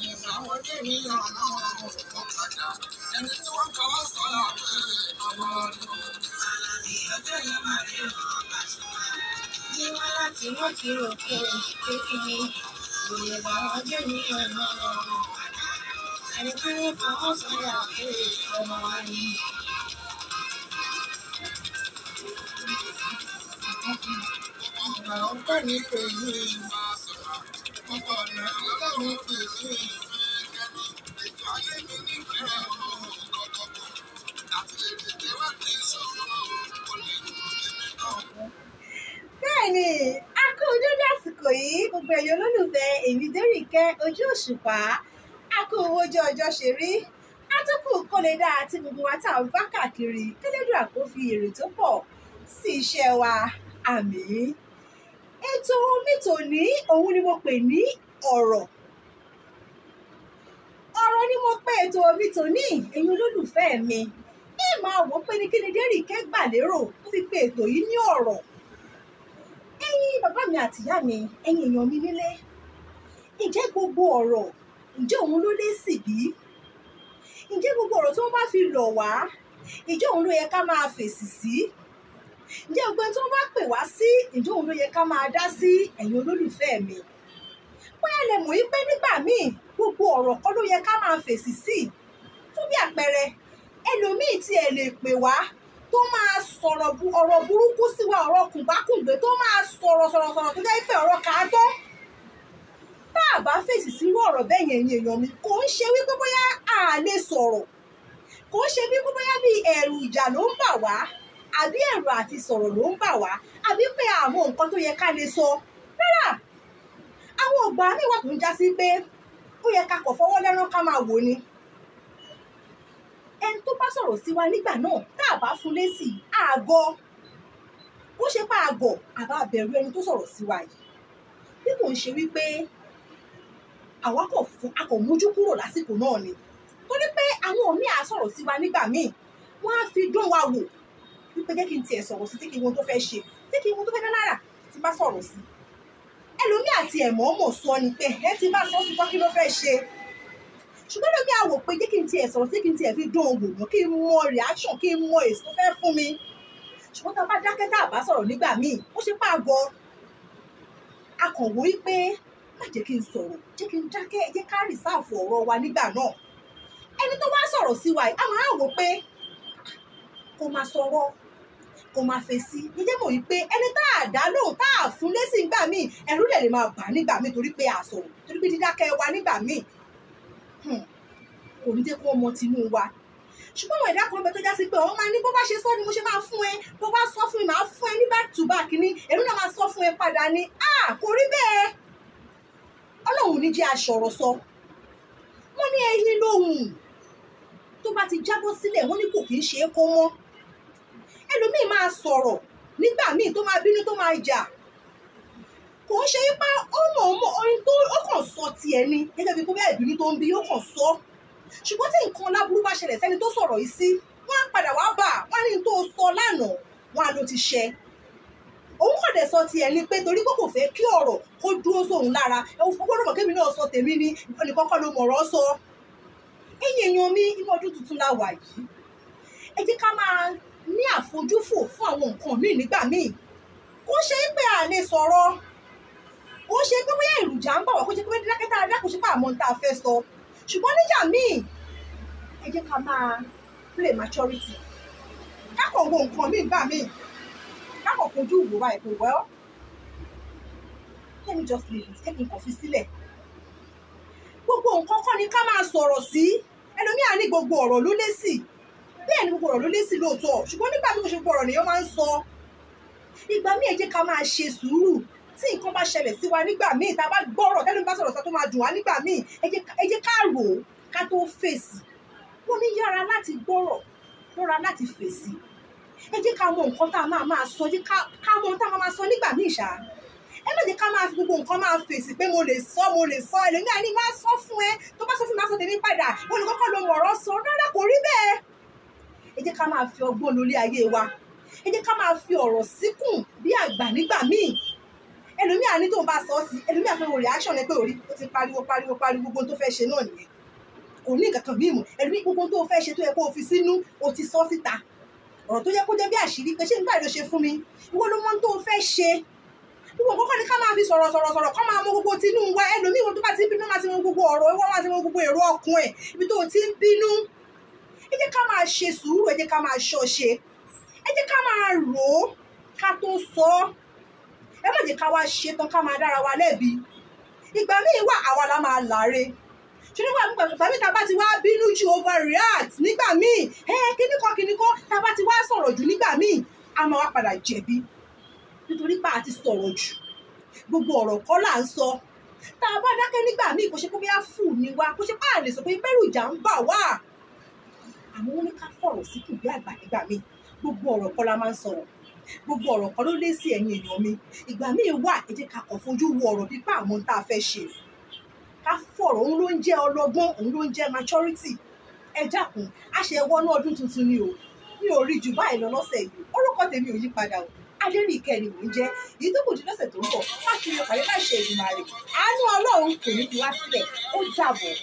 Ìyàwó tèmi ọ̀nà òkú padà. Ẹni tí wọ́n kọ́ sọ́la pé ọmọ ọdún. Àlàyé ọjọ́ yẹn máa rí ọ̀nà pàṣẹ. Ní wọ́n láti wọ́n ti rò pé kékeré. Ìyàwó tèmi ọ̀nà òkú padà. Ẹni tí wọ́n kọ́ sọ́la pé ọmọ ọdún. Ìgbà ọ̀pẹ́ ní pẹ̀lú ìgbà. Ọkọ rẹ̀ ọlọ́run pèsè ìfẹ́ kẹ́mi. Ètò ayé mi nífẹ̀ẹ́ ohun kọ̀kọ̀kọ̀. Àti lè tètè wá kí ìṣòro kò lè mú èmi náà. Bẹ́ẹ̀ni, a kú dédé àsìkò yìí, gbogbo ẹ̀yọ́ olólùfẹ́ èmi Dérìkẹ́ ojú òṣùpá. A kú owó ojú ọjọ́ ṣe rí atukù kọ́lé dáa gbogbo wa tá à bá káàkiri kélédùn àkófì èrè tó pọ̀ sí iṣẹ́ wa àmín ètò mi tòní òun ni mo pè ní ọ̀rọ̀ ọ̀rọ̀ ni mo pè ètò mi tòní ẹ̀yin olólùfẹ́ mi ẹ máa wò ó pé ní kí ni Dérìkẹ́ gbà lérò tó fi pè ètò yìí ní ọ̀rọ̀ ẹ̀yin bàbá mi àti ìyá mi ẹ̀yin èèyàn mi nílé ǹjẹ́ gbogbo ọ̀rọ̀ ǹjẹ́ òun ló lé sí bí ǹjẹ́ gbogbo ọ̀rọ̀ tí wọ́n bá fi lọ̀ wá ǹjẹ́ òun ló yẹ ká máa fèsì sí. Si? ǹjẹ́ ọgbẹ́ tí wọ́n bá pè wá sí ìjọ òun ló yẹ ká máa dá sí ẹ̀yin olólùfẹ́ mi bóyá lè mọ̀ pé nígbà míì gbogbo ọ̀rọ̀ kọ́ ló yẹ ká máa fèsì sí fún bí àpẹẹrẹ ẹlòmíì tí ẹ lè pè wá tó máa sọ̀rọ̀ ọ̀rọ̀ burúkú sí wa ọ̀rọ̀ kùnbákùngbé tó máa sọ̀rọ̀ sọ̀rọ̀ sọ̀rọ̀ tó jẹ́ pé ọ̀rọ̀ kàátọ́ tá a bá fèsì sírú ọ̀rọ̀ bẹ́ẹ̀ yẹn ni èèyàn mi kò ń ṣe wípé bóyá a lè sọ̀rọ̀ kò ń ṣe wípé bóyá bí ẹ̀rù ìjà ló ń bà wá àbí ẹ̀rọ àti sọ̀rọ̀ ló ń bà wá àbí pé àwọn nǹkan tó yẹ ká lè sọ rárá àwọn ọgbà míwà tó ń já sí pé ó yẹ ká kọ̀ fọwọ́ lẹ́rán ká máa wò ni ẹni tó bá sọ̀rọ̀ sí wa nígbà náà tá a bá fún lésì àgọ́ ó ṣe pa àgọ̀ àbá bẹ̀rù ẹni tó sọ̀rọ̀ sí wa yìí bí kò ń ṣe wípé àwa kò fún a kò mójú kúrò lásìkò náà ni torí pé àwọn míì á sọ̀rọ̀ sí wa nígbà míì wọ́n á fi dún wa wò pé jẹ́ kí n tiẹ̀ sọ̀rọ̀ sí jẹ́ kí n wo tó fẹ́ ṣe jẹ́ kí n wo tó fẹ́ dá lára tí bá sọ̀rọ̀ sí ẹlòmíì àti ẹ̀mọ́ mọ̀ sọ ni pé ẹ ti bá sọ sùpọ́ kí ló fẹ́ ṣe ṣùgbọ́n lómi àwò pé jẹ́ kí n tiẹ̀ sọ̀rọ̀ sí kí n tiẹ̀ fi dùn òwò mọ́ kí n mọ reaction kí n mọ èso tó fẹ́ fún mi ṣùgbọ́n tá a bá dákẹ́ tá a bá sọ̀rọ̀ nígbà míì ó ṣe pàgọ́ akọ̀wé pé má jẹ́ kí n sọ̀rọ̀ jẹ́ kí n dákẹ́ jẹ́ ká rìsáàfù ọ̀rọ̀ wa nígbà náà ẹni tó wá sọ̀rọ̀ sí wa yìí a máa wò pé ah, kò máa sọ̀rọ̀ kó máa fèsì ǹjẹ́ mọ̀ wípé ẹni tá a dá lóhùn tá a fún lésì ńgbà míì ẹ̀rú dẹ̀ lè máa bà nígbà míì torí pé àsọ̀rọ̀ torí pé dídákẹ́ wa nígbà míì hmm, kò ní jẹ́ kó ọmọ tinú wa ṣùgbọ́n àwọn ẹ̀dá kan bẹ tó já sí pé ọ̀hún máa ní bó bá ṣe sọ ni mo ṣe máa fún ẹ bó bá sọ fún mi máa fún ẹ ní back to back ni èmi náà máa sọ fún ẹ padà ni a kò rí bẹ́ẹ̀ ọlọ́run ní jẹ́ aṣọ̀rọ̀ sọ wọ́n ní ẹyin lóhùn tó bá ti jábọ́ sílẹ̀ wọ́n ní kò kì í ṣe é kó mọ́ ẹlòmíì máa sọ̀rọ̀ nígbà míì tó máa bínú tó máa jà kò ń ṣe pé ó mọ̀ ó mọ̀ ohun tó ó kàn sọ tiẹ̀ ni gẹ́gẹ́ bí kó bẹ́ẹ̀ bínú tó ń bí ó kàn sọ ṣùgbọ́n tí nǹkan láburú bá ṣẹlẹ̀ sẹ́ni tó sọ̀rọ̀ yìí sí wọ́n á padà wá bà wọ́n á ní tó sọ lánàá wọ́n á ló ti ṣẹ òun kàn dẹ̀ sọ tiẹ̀ ni pé torí pé kò fẹ́ kí ọ̀rọ̀ kó dúró sóun lára gbọ́dọ̀ mọ̀ kémi náà sọ tèmi ni nìkan kọ́ ló mọ̀rọ̀ sọ ẹ̀yìn èèyàn mi inú ọdún tuntun la wà yìí ẹ jẹ́ ká máa ní àfojúfò fún àwọn nǹkan míì nígbà míì kó ṣe é pé à sọ̀rọ̀ kó ṣe pé bóyá èròjà ń bọ̀ wá kó ṣe pé dákẹ́tà adákùn pé àmọ́ tá a fẹ́ sọ ṣùgbọ́n níjà míì ẹ jẹ́ ká máa play maturity kákọ̀ wo nǹkan míì gbà míì kákọ̀ fojú wò wá ìpè wẹ́ọ́ let me just leave it kẹ́kìn kò fi sílẹ̀ gbogbo nǹkan kọ́ ni ká máa sọ̀rọ̀ sí ẹlòmíà ní gbogbo ọ̀rọ̀ ló lé sí i bẹ́ẹ̀ ni gbogbo ọ̀rọ̀ ló lé sí lóòótọ́ ṣùgbọ́n nígbà tó ṣe gbogbo ọ̀rọ̀ nìyẹn máa ń sọ ìgbà míì ẹ jẹ́ ká máa ṣe sùúrù tí nǹkan bá ṣẹlẹ̀ sí wa nígbà míì tá a bá gbọ́rọ̀ tẹ́lẹ̀ bá sọ̀rọ̀ sọ tó máa dùn wá nígbà míì ẹ jẹ́ ká rò ó ká tó fèsì wọ́n ní yára láti gbọ́rọ̀ lọ́ra láti fèsì ẹ jẹ́ ká mọ nǹkan tá a máa máa sọ jẹ́ ká mọ ohun tá a máa sọ nígbà míì ṣá ẹ má jẹ́ ká máa fi gbogbo nǹkan máa fèsì pé mo lè sọ mo lè sọ ẹlòmíà ni máa sọ fún ẹ tó bá sọ fún mi máa sọ tèmi padà olùkọ́kọ́ ló mọ̀ọ́rọ́ sọ rárá kò rí bẹ́ẹ̀ ẹ jẹ́ ká máa fi ọgbọ́n lórí ayé wa ẹ jẹ́ ká máa fi ọ̀rọ̀ síkùn bí àgbà nígbà míì ẹlòmíà ní tóun bá sọ ọ́ sí ẹlòmíà fẹ́ wo reaction ẹ pé orí ó ti pariwo pariwo pariwo gbogbo tó fẹ́ ṣe náà nìyẹn kò ní nǹkan kan bí ìmọ̀ ẹlòmíà gbogbo tó fẹ́ ṣe tó yẹ kó o fi sínú o ti sọ síta ọ̀rọ̀ tó yẹ kó jẹ́ bí àṣírí pé ṣé nígbà èdè ṣe fún mi ìwọ ló mọ tó fẹ́ ṣe gbogbo kọ́kọ́ ni ká máa fi sọ̀rọ̀ sọ̀rọ̀ sọ̀rọ̀ kọ́ máa mọ gbogbo tinú wa ẹlòmíì wọn tó bá ti ń bínú máa ti mọ gbogbo ọ̀rọ̀ wọn máa ti mọ gbogbo èrò ọkùn ẹ̀ ibi tó ti ń bínú ẹ jẹ́ ká máa ṣe sùúrù ẹ jẹ́ ká máa ṣọ́ṣe ẹ jẹ́ ká máa rò ó ká tó sọ ọ́ ẹ má jẹ́ ká wá ṣe tán ká máa dára wa lẹ́bi ìgbà míì wà àwa la máa láre ṣùgbọ́n ìgbà míì tá a bá ti wá bínú jù overreact nígbà míì ẹ kíní kan kíní kan tá a bá ti wá sọ̀rọ̀ jù nígbà míì a máa wá padà jẹ̀bi nítorí pé a ti sọ̀rọ̀ jù gbogbo ọ̀rọ̀ kọ́ là ń sọ tá a bá dákẹ́ nígbà míì kò ṣe pé bóyá fù ní wa kò ṣe pé sọ pé bẹ́rù ìjà ń bà wá àmọ́ wọ́n ní ká fọ̀rọ̀ sí kù bí àgbà nígbà míì gbogbo ọ̀rọ̀ kọ́ la máa ń sọ̀rọ̀ gbogbo ọ̀rọ̀ kọ́ ló lé sí ẹ̀yìn èèyàn mi ìgbà míì wà ẹ jẹ́ ká kàn fojú wo ọ̀rọ̀ bíi pé àwọn tá a fẹ́ ṣe ká fọ̀rọ̀ òun ló ń jẹ́ ọlọ́gbọ́n òun ló ń jẹ́ maturity ẹ dákun a ṣe wọnú ọdún tuntun ni o mi ò rí jù báyìí lọ lọ́sẹ̀ yìí orúkọ tèmi ò yí padà o adẹ́rìíkẹ́ ni mò ń jẹ́ èyí tó kù di lọ́sẹ̀ tó ń bọ̀ láti lè pàdé láì ṣe ìgbìmọ̀ rẹ̀ àánú ọlọ́run kò ní fi wá sílẹ̀ ó dàbọ̀.